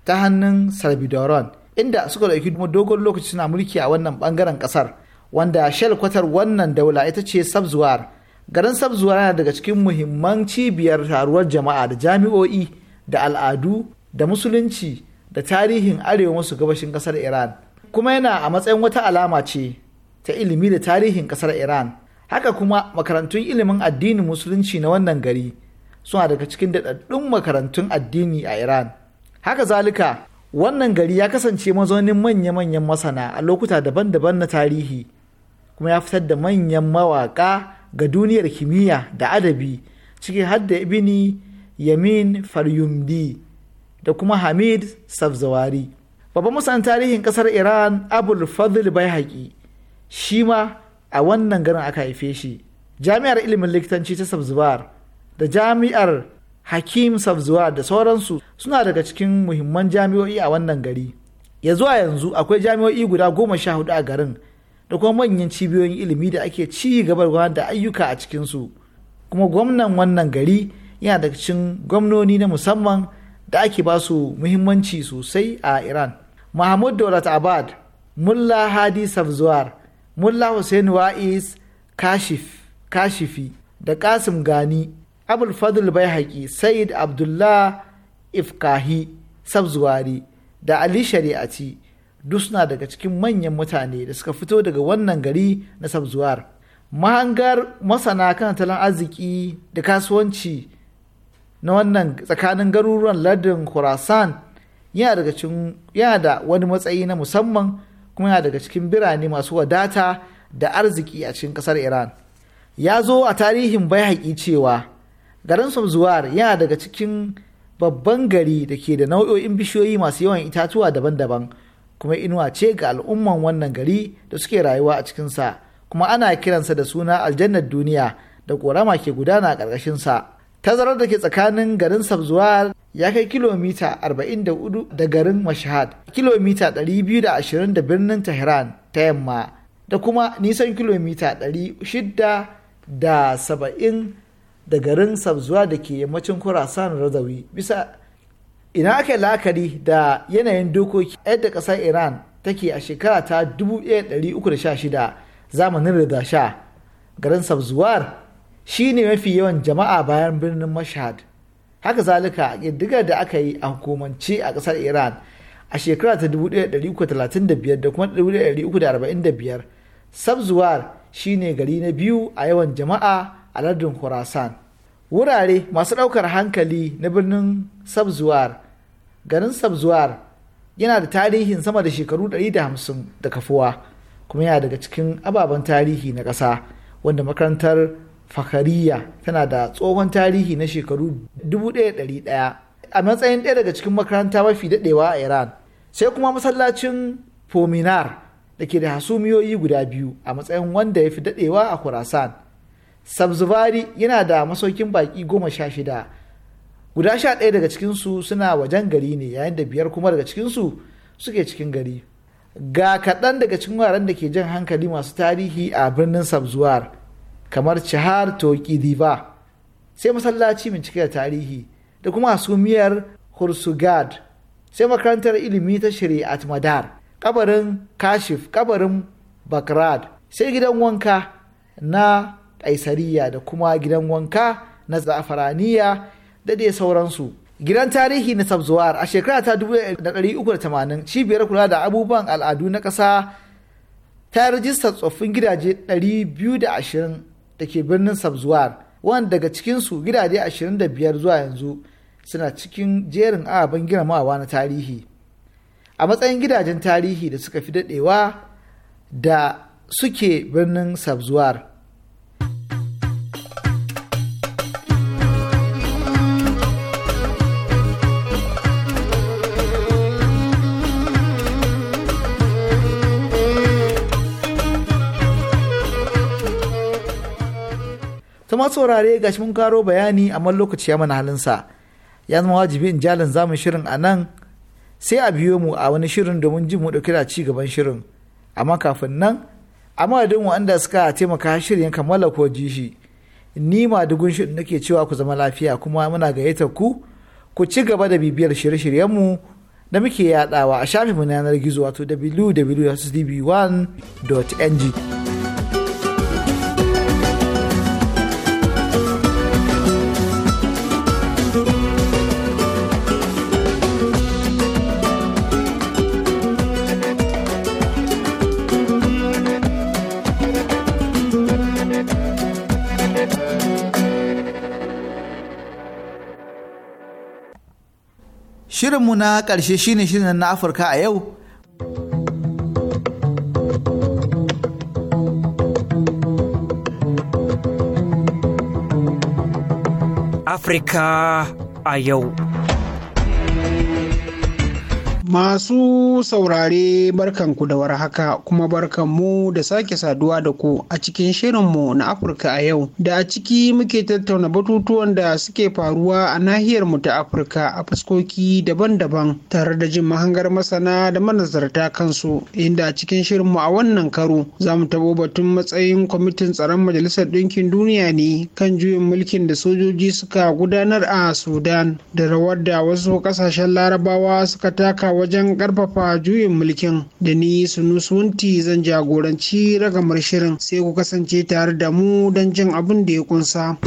ta hannun sarbidaran inda suka ɗauki dogon lokaci suna mulki a wannan ɓangaren ƙasar wanda shalkwatar wannan daula ita ce sabzuwar garin sabzuwar yana daga cikin muhimman cibiyar taruwar jama'a da jami'o'i da al'adu da musulunci da tarihin arewa masu gabashin kasar iran kuma yana a matsayin wata alama ce ta ilimi da tarihin kasar iran haka kuma makarantun ilimin addinin musulunci na wannan gari suna daga cikin daɗaɗɗun makarantun addini a iran haka zalika wannan gari ya kasance mazaunin manya-manyan masana a lokuta daban-daban na tarihi kuma ya fitar da manyan mawaƙa ga duniyar kimiyya da adabi ciki har da ibini yamin faryumdi da kuma hamid safzawari babban musan tarihin kasar iran abul fadl baihaqi shi ma a wannan garin aka haife shi jami'ar ilimin likitanci ta safzawar da jami'ar hakim safzawar da sauransu suna daga cikin muhimman jami'o'i a wannan gari ya zuwa yanzu akwai jami'o'i guda goma sha hudu a garin da kuma manyan cibiyoyin ilimi da ake ci gaba da ayyuka a cikinsu kuma gwamnan wannan gari yana da cikin gwamnoni na musamman da ake ba su muhimmanci sosai a iran mahmud daulat abad mulla hadi safzuwar mulla hussein wa'is kashif kashifi da kasim gani abul fadl bai said abdullah ifkahi safzuwari da ali shari'ati duk suna daga cikin manyan mutane da suka fito daga wannan gari na sabzuwar mahangar masana kan talan arziki da kasuwanci na wannan tsakanin garuruwan lardin khorasan yana da wani matsayi na musamman kuma yana daga cikin birane masu wadata da arziki a cikin kasar iran ya zo a tarihin bai cewa garin Sabzuwar yana daga cikin babban gari da ke da nau'o'in bishiyoyi masu yawan itatuwa daban-daban kuma inuwa ce ga al'umman wannan gari da suke rayuwa a cikinsa kuma ana kiransa da suna aljannar duniya da ƙorama ke gudana a ƙarƙashinsa tazarar da ke tsakanin garin sabzuwar ya kai kilomita 44 da garin mashahad kilomita 220 da birnin tehran ta yamma da kuma nisan kilomita 670 da garin sabzuwa da ke yammacin kurasan razawi bisa ina aka yi la'akari da yanayin dokoki yadda ƙasar iran take a shekara ta 1316 zamanin da sha garin sabzuwar shi ne mafi yawan jama'a bayan birnin mashhad haka zalika ƙiddigar da aka yi a hukumance a ƙasar iran a shekara ta 1335 da kuma 1345 sabzuwar shi ne gari na biyu a yawan jama'a a lardin khorasan wurare masu ɗaukar hankali na birnin sabzuwar garin sabzuwar yana da tarihin sama da shekaru 150 da kafuwa kuma yana daga cikin ababen tarihi na ƙasa wanda makarantar fakariya tana da tsohon tarihi na shekaru 1100 a matsayin ɗaya daga cikin makaranta mafi daɗewa a iran sai kuma masallacin fominar da ke da hasumiyoyi guda biyu a matsayin wanda ya fi daɗewa a kurasan sabzubari yana da masaukin baƙi goma sha shida guda sha ɗaya daga cikinsu suna wajen gari ne yayin da biyar kuma daga cikinsu suke cikin gari ga kaɗan daga cikin wuraren da ke jan hankali masu tarihi a birnin sabzuwar kamar cihar toki diva sai masallaci mai cike da tarihi da kuma asumiyar hursugad sai makarantar ilimi ta shari'at madar kabarin kashif kabarin bakrad sai gidan wanka na kaisariya da kuma gidan wanka na zafaraniya da sauransu gidan tarihi na sabzuwar a shekara ta 1380 cibiyar kula da abubuwan al'adu na ƙasa ta rajista tsoffin gidaje 220 da ke birnin sabzuwar wanda daga cikinsu gidaje 25 zuwa yanzu suna cikin jerin ababen mawa na tarihi a matsayin gidajen tarihi da suka fi daɗewa da suke birnin sabzuwar ta ma saurare gashi mun karo bayani amma lokaci ya mana halin sa ya zama wajibi in jalin zamun shirin a nan sai a biyo mu a wani shirin domin jin mu dauki da ci gaban shirin amma kafin nan a madadin wanda suka taimaka shirin kammala ko ji shi ni ma dugun shirin nake cewa ku zama lafiya kuma muna gayyatar ku ku ci gaba da bibiyar shirye shiryen mu da muke yadawa a shafinmu na yanar gizo wato www.cdb1.ng Shirinmu na ƙarshe shine shirin na Afirka a yau. Afirka a yau. Masu saurare barkanku da warhaka kuma barkanmu da sake saduwa da ku a cikin shirin mu na Afirka a yau da a ciki muke tattauna batutuwan da suke faruwa a nahiyar mu ta Afirka a fuskoki daban-daban tare da jin mahangar masana da manazarta kansu inda a cikin shirin mu a wannan karo za mu tabo batun matsayin kwamitin tsaron Majalisar Ɗinkin Duniya ne kan juyin mulkin da sojoji suka gudanar a Sudan da rawar da wasu ƙasashen Larabawa suka taka wajen karfafa juyin mulkin da ni sunusunti zan jagoranci ragamar shirin sai ku kasance tare da mu don jin abin da ya kunsa.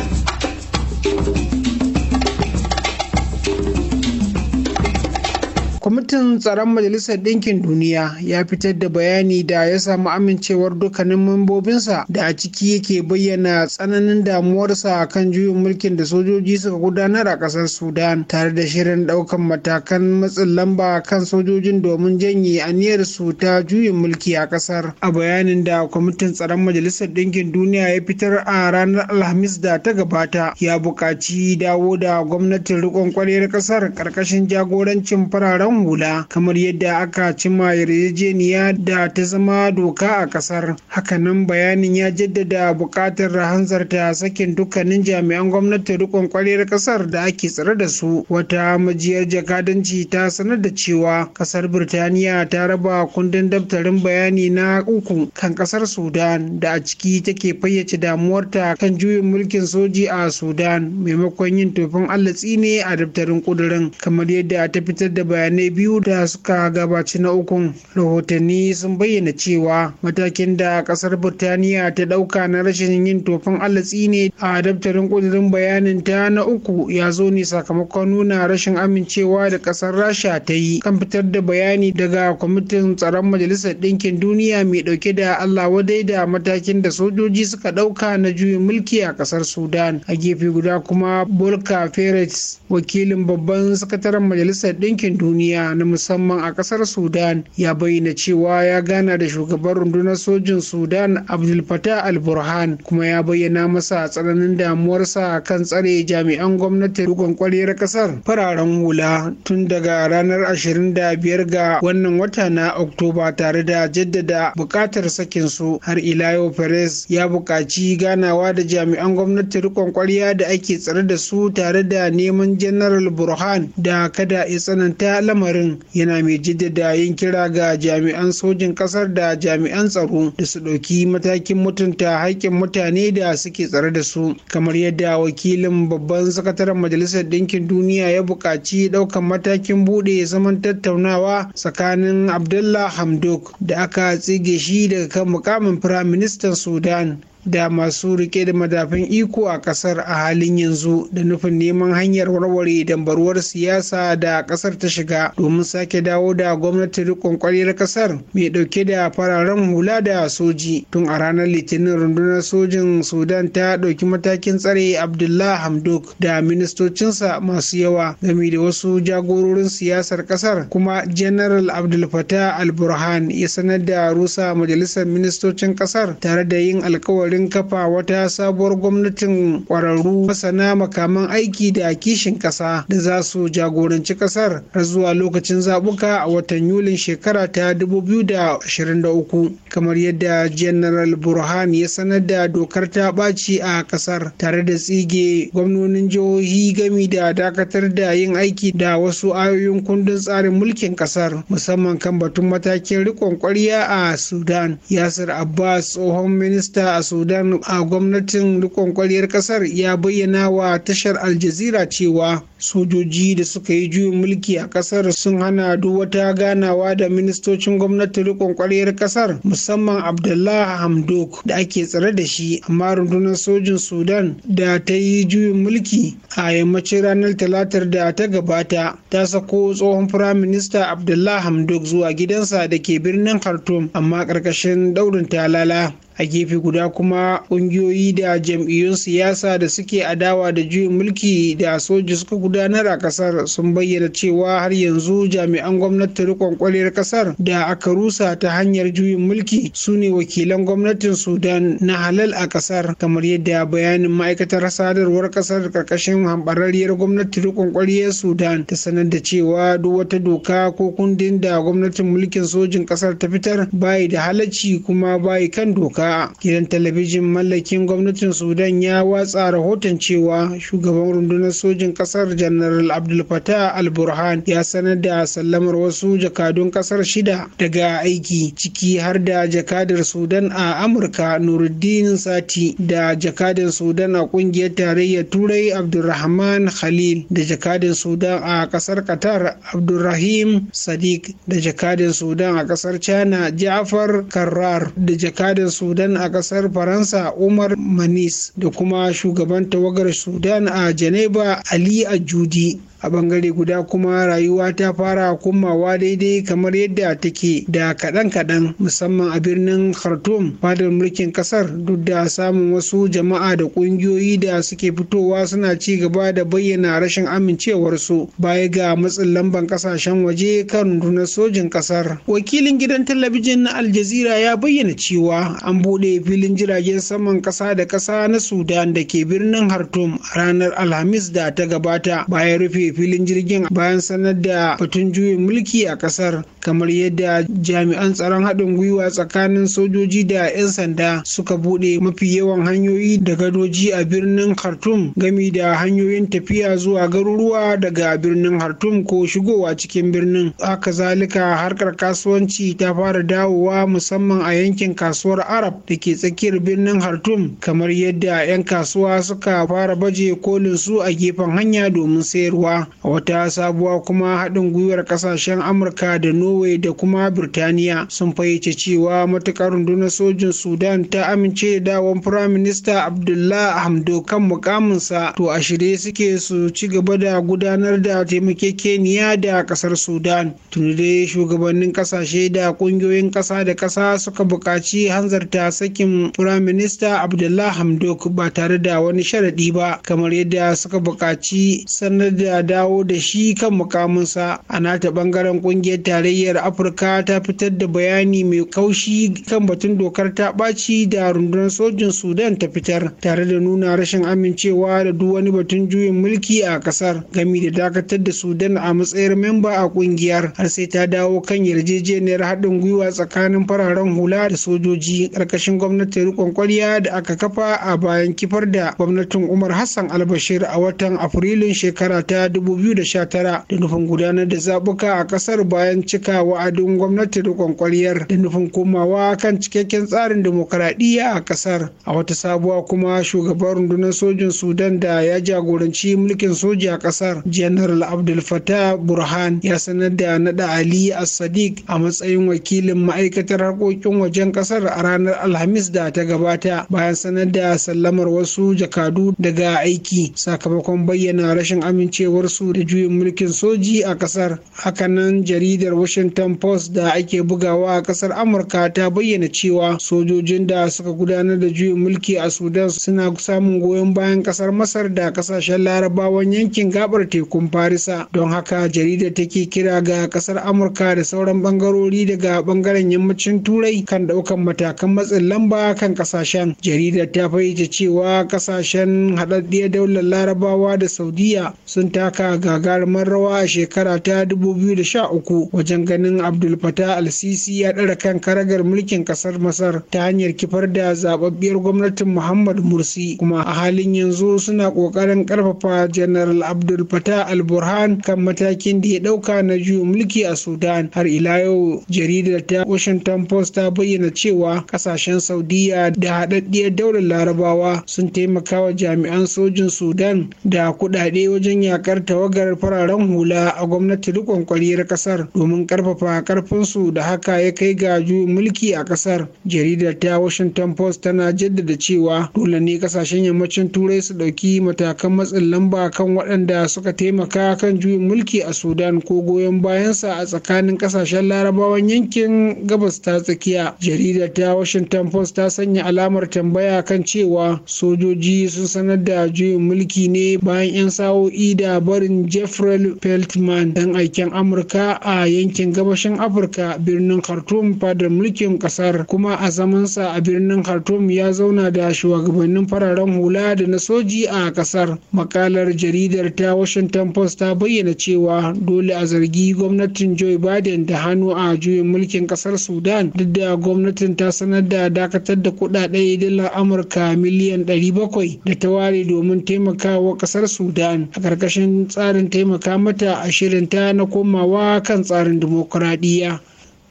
kwamitin tsaron majalisar ɗinkin duniya ya fitar da bayani da ya samu amincewar dukkanin membobinsa da a ciki yake bayyana tsananin damuwarsa kan juyin mulkin da sojoji suka gudanar a ƙasar sudan tare da shirin ɗaukan matakan matsin lamba kan sojojin domin janye aniyar su ta juyin mulki a ƙasar a bayanin da kwamitin tsaron majalisar ɗinkin duniya ya fitar a ranar alhamis da ta gabata ya buƙaci dawo da gwamnatin riƙon kwarewar ƙasar ƙarƙashin jagorancin fararen fararen kamar yadda aka cimma yarjejeniya da ta zama doka a kasar hakanan bayanin ya jaddada buƙatar hanzarta sakin dukkanin jami'an gwamnati rikon kwarar kasar da ake tsare da su wata majiyar jakadanci ta sanar da cewa kasar birtaniya ta raba kundin daftarin bayani na uku kan kasar sudan da a ciki take fayyace damuwarta kan juyin mulkin soji a sudan maimakon yin tofin allatsi ne a daftarin kudurin kamar yadda ta fitar da bayanai watanni biyu da suka gabaci na ukun rahotanni sun bayyana cewa matakin da kasar birtaniya ta dauka na rashin yin tofin alatsi ne a daftarin ƙudirin bayanin ta na uku ya zo ne sakamakon nuna rashin amincewa da kasar rasha ta yi kan fitar da bayani daga kwamitin tsaron majalisar ɗinkin duniya mai dauke da allah wadai da matakin da sojoji suka dauka na juyin mulki a kasar sudan a gefe guda kuma bolka feres wakilin babban sakataren majalisar ɗinkin duniya duniya na musamman a kasar sudan ya bayyana cewa ya gana da shugaban rundunar sojin sudan abdul fatah al-burhan kuma ya bayyana masa tsananin damuwarsa kan tsare jami'an gwamnati rukun kwaliyar kasar fararen hula tun daga ranar 25 ga wannan wata na oktoba tare da jaddada bukatar sakin su har ila yau perez ya buƙaci ganawa da jami'an gwamnati rikon kwarya da ake tsare da su tare da neman general burhan da kada ya tsananta lama. lamarin yana mai jaddada yin kira ga jami'an sojin kasar da jami'an tsaro da su ɗauki matakin mutunta haƙƙin mutane da suke tsare da su kamar yadda wakilin babban sakataren majalisar ɗinkin duniya ya buƙaci ɗaukan matakin buɗe zaman tattaunawa tsakanin abdullah hamdok da aka tsige shi daga kan mukamin firaministan sudan da masu rike da madafin iko a kasar a halin yanzu da nufin neman hanyar warware dambaruwar siyasa da kasar ta shiga domin sake dawo da gwamnati rikon kwaliyar kasar mai dauke da fararen hula da soji tun a ranar litinin rundunar sojin sudan ta dauki matakin tsare abdullah hamdok da ministocinsa masu yawa game da wasu jagororin siyasar kasar kuma general abdul fatah al-burhan ya sanar da rusa majalisar ministocin kasar tare da yin alkawarin yunkurin kafa wata sabuwar gwamnatin kwararru masana makaman aiki da kishin ƙasa da za su jagoranci ƙasar har zuwa lokacin zaɓuka a watan yulin shekara ta 2023 kamar yadda general burhan ya sanar da dokar ta ɓaci a ƙasar tare da tsige gwamnonin jihohi gami da dakatar da yin aiki da wasu ayoyin kundin tsarin mulkin ƙasar musamman kan batun matakin riƙon ƙwarya a sudan yasir abbas tsohon minista a sudan sudan a gwamnatin rikon kwaliyar kasar ya bayyana wa tashar aljazira cewa sojoji da suka yi juyin mulki a kasar sun hana duk wata ganawa da ministocin gwamnatin rikon kwaliyar kasar musamman abdullah hamdok da ake tsare da shi amma rundunar sojin sudan da ta yi juyin mulki a yammacin ranar talatar da ta gabata ta sako tsohon firaminista abdullah hamdok zuwa gidansa da ke birnin khartoum amma ƙarƙashin daurin talala a gefe guda kuma kungiyoyi da jam'iyyun siyasa da suke adawa da juyin mulki da soji suka gudanar a kasar sun bayyana cewa har yanzu jami'an gwamnati rikon kwaliyar kasar da aka rusa ta hanyar juyin mulki su ne wakilan gwamnatin sudan na halal a kasar kamar yadda bayanin ma'aikatar sadarwar kasar karkashin hambarariyar gwamnati rikon kwaliyar sudan ta sanar da cewa duk wata doka ko kundin da gwamnatin mulkin sojin kasar ta fitar bayi da halacci kuma bayi kan doka ba gidan talabijin mallakin gwamnatin sudan ya watsa rahoton cewa shugaban rundunar sojin kasar janaral abdul fatah al-burhan ya sanar da sallamar wasu jakadun kasar shida daga aiki ciki har da jakadar sudan a amurka nuruddin sati da jakadar sudan a kungiyar tarayyar turai abdulrahman khalil da jakadar sudan a kasar qatar abdulrahim sadiq da jakadar sudan a kasar china ja'far karrar da jakadar sudan sudan a kasar faransa umar manis da kuma shugaban tawagar sudan a janeba ali ajudi a bangare guda kuma rayuwa ta fara kumawa daidai kamar yadda take da kaɗan-kaɗan musamman a birnin khartoum fadar mulkin ƙasar duk da samun wasu jama'a da ƙungiyoyi da suke fitowa suna ci gaba da bayyana rashin amincewarsu baya ga matsin lamban ƙasashen waje kan rundunar sojin ƙasar wakilin gidan talabijin na aljazira ya bayyana cewa an buɗe filin jiragen saman ƙasa da ƙasa na sudan da ke birnin khartoum ranar alhamis da ta gabata bayan rufe filin jirgin bayan sanar da batun juyin mulki a kasar kamar yadda jami'an tsaron haɗin gwiwa tsakanin sojoji da 'yan sanda suka buɗe mafi yawan hanyoyi da gadoji a birnin khartoum gami da hanyoyin tafiya zuwa garuruwa daga birnin khartoum ko shigowa cikin birnin haka zalika harkar kasuwanci ta fara dawowa musamman a yankin kasuwar arab da ke tsakiyar birnin khartoum kamar yadda 'yan kasuwa suka fara baje kolin su a gefen hanya domin sayarwa wata sabuwa kuma haɗin gwiwar ƙasashen amurka da norway da kuma birtaniya sun fayyace cewa matuƙar rundunar sojin sudan ta amince da dawon firaminista abdullah hamdo kan mukaminsa to a shirye suke su ci gaba da gudanar da taimakekeniya da ƙasar sudan tuni dai shugabannin ƙasashe da ƙungiyoyin ƙasa da ƙasa suka buƙaci hanzarta sakin firaminista abdullah hamdok ba tare da wani sharaɗi ba kamar yadda suka buƙaci sanar da dawo da shi kan mukaminsa a nata bangaren kungiyar tarayyar afirka ta fitar da bayani mai kaushi kan batun dokar ta ɓaci da rundunar sojin sudan ta fitar tare da nuna rashin amincewa da duk wani batun juyin mulki a ƙasar gami da dakatar da sudan a matsayin memba a kungiyar har sai ta dawo kan yarjejeniyar haɗin gwiwa tsakanin fararen hula da sojoji ƙarƙashin gwamnatin riƙon kwarya da aka kafa a bayan kifar da gwamnatin umar hassan albashir a watan afrilun shekara ta 2019 da nufin gudanar da zaɓuka a ƙasar bayan cika wa'adin gwamnati da kwankwariyar da nufin komawa kan cikakken tsarin demokaradiyya a ƙasar a wata sabuwa kuma shugaban rundunar sojin sudan da ya jagoranci mulkin soja a ƙasar general abdul fatah burhan ya sanar da naɗa ali as-sadiq a matsayin wakilin ma'aikatar harkokin wajen ƙasar a ranar alhamis da ta gabata bayan sanar da sallamar wasu jakadu daga aiki sakamakon bayyana rashin amincewar su da juyin mulkin soji a kasar hakanan jaridar washington post da ake bugawa a kasar amurka ta bayyana cewa sojojin da suka gudanar da juyin mulki a sudan suna samun goyon bayan kasar masar da kasashen larabawan yankin gabar tekun farisa don haka jaridar take kira ga kasar amurka da sauran bangarori daga bangaren yammacin turai kan daukan matakan matsin lamba kan kasashen jaridar ta fahimta cewa kasashen haɗaɗɗiyar daular larabawa da saudiya sun taka taka gagarumar rawa a shekara ta 2013 wajen ganin abdul fatah al-sisi ya ɗara kan karagar mulkin ƙasar masar ta hanyar kifar da zababbiyar gwamnatin muhammad mursi kuma a halin yanzu suna ƙoƙarin ƙarfafa general abdul fatah al-burhan kan matakin da ya ɗauka na juya mulki a sudan har ila yau jaridar ta washington post ta bayyana cewa ƙasashen saudiya da haɗaɗɗiyar daular larabawa sun taimaka wa jami'an sojin sudan da kuɗaɗe wajen yakar tawagar fararen hula a gwamnati rikon kwariyar kasar domin karfafa karfinsu da haka ya kai ga juyin mulki a kasar jaridar ta washington post tana jaddada cewa dole ne kasashen yammacin turai su ɗauki matakan matsin lamba kan waɗanda suka taimaka kan juyin mulki a sudan ko goyon bayansa a tsakanin kasashen larabawan yankin gabas ta tsakiya jaridar ta washington post ta sanya alamar tambaya kan cewa sojoji sun sanar da juyin mulki ne bayan 'yan sa'o'i da lamarin jeffrey peltman dan aikin amurka a yankin gabashin afirka birnin khartoum fadar mulkin kasar kuma a zamansa a birnin khartoum ya zauna da shugabannin fararen hula da na soji a kasar makalar jaridar ta washington post ta bayyana cewa dole a zargi gwamnatin joe biden da hannu a juyin mulkin kasar sudan duk da gwamnatin ta sanar da dakatar da kudade dalar amurka miliyan 700 da ta ware domin taimakawa kasar sudan a karkashin tsarin taimaka mata a shirinta na komawa kan tsarin dimokuraɗiyya.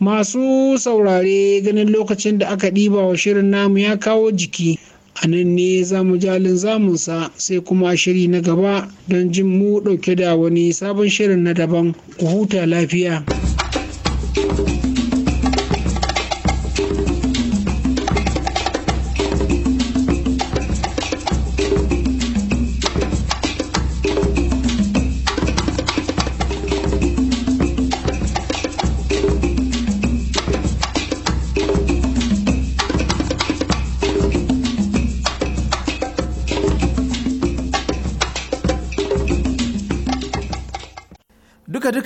masu saurare ganin lokacin da aka ɗiba wa shirin namu ya kawo jiki a nan ne za mu jalin zamunsa sai kuma a shiri na gaba don jin mu ɗauke da wani sabon shirin na daban ku huta lafiya.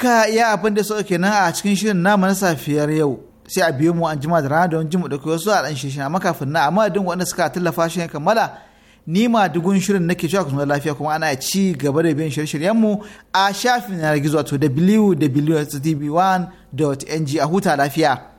haka ya abin da suka kenan a cikin shirin namu na safiyar yau sai a biyo mu an jima da rana don jimu da kai su a dan shirin amma kafin na amma duk wanda suka tallafa shi kammala ni ma dugun shirin nake cewa ku lafiya kuma ana ci gaba da biyan shirye-shiryen mu a shafin yanar gizo wato www.tv1.ng a huta lafiya.